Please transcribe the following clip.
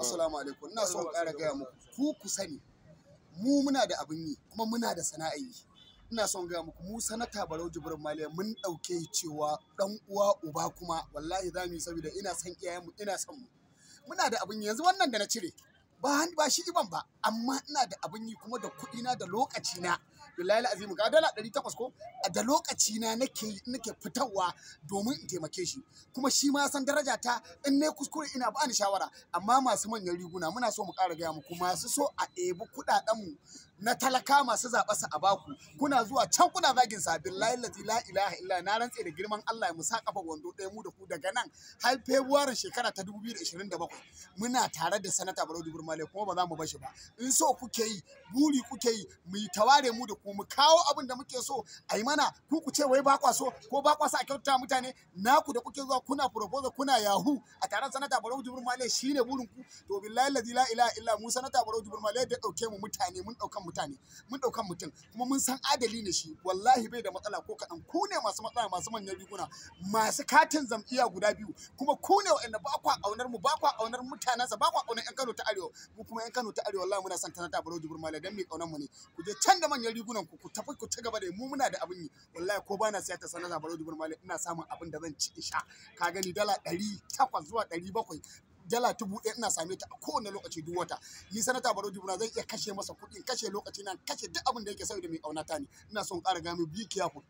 assalamu alaikum ina son ƙara gaya muku ku ku sani mu muna da abin yi kuma muna da sana'a yi ina son gaya muku mu sanata barau jibrin maliya mun ɗauke cewa ɗan uwa uba kuma wallahi za mu yi saboda ina son iyayenmu ina son mu muna da abin yanzu wannan da na cire ba ba shi iban ba amma ina da abin yi kuma da kuɗi na da lokaci na billahi azim ga dala 800 ko da lokaci na nake nake fitarwa domin in taimake shi kuma shi ma san daraja ta in ne kuskure ina ba ni shawara amma masu manyan riguna muna so mu ƙara gaya muku masu so a ɗebi kuɗaɗen mu na talaka masu zaɓa su a baku kuna zuwa can kuna zagin sa billahi la ilaha illa na rantse da girman Allah ya musa kafa wando ɗaya mu da ku daga nan har Februarin shekara ta 2027 muna tare da sanata Barodi Dubur kuma ba za mu bashi ba in so kuke yi buri kuke yi mu yi taware mu da ku mu kawo abin da muke so a yi mana ku ku ce wai ba kwa so ko ba kwa sa a kyautata mutane naku da kuke zuwa kuna proposal kuna yahu a taron sanata barau jibir male shine burin ku to billahi la ilaha illa mu sanata barau jibir male da dauke mu mutane mun daukan mutane mun daukan mutum kuma mun san adali ne shi wallahi bai da matsala ko kadan ku ne masu matsala masu manyan riguna masu katin zam'iya guda biyu kuma ku ne wa'anda ba kwa kaunar mu ba kwa kaunar mutanensa ba kwa kaunar yan Kano ta Arewa mu kuma yan Kano ta Arewa wallahi muna son tana ta baro jibir mala dan mai kaunan mu ne ku je can da manyan rigunan ku ku tafi ku ci gaba da mu muna da abin yi wallahi ko bana siya ta sanar da baro jibir mala ina samun abin da zan ci isha ka gani dala 800 zuwa 700 dala dubu ɗaya ina same ta a kowane lokaci duk wata ni sanata baro jibuna zan iya kashe masa kuɗi kashe lokaci na kashe duk abin da yake saboda mai ƙaunata ne ina son ƙara gami biyu careful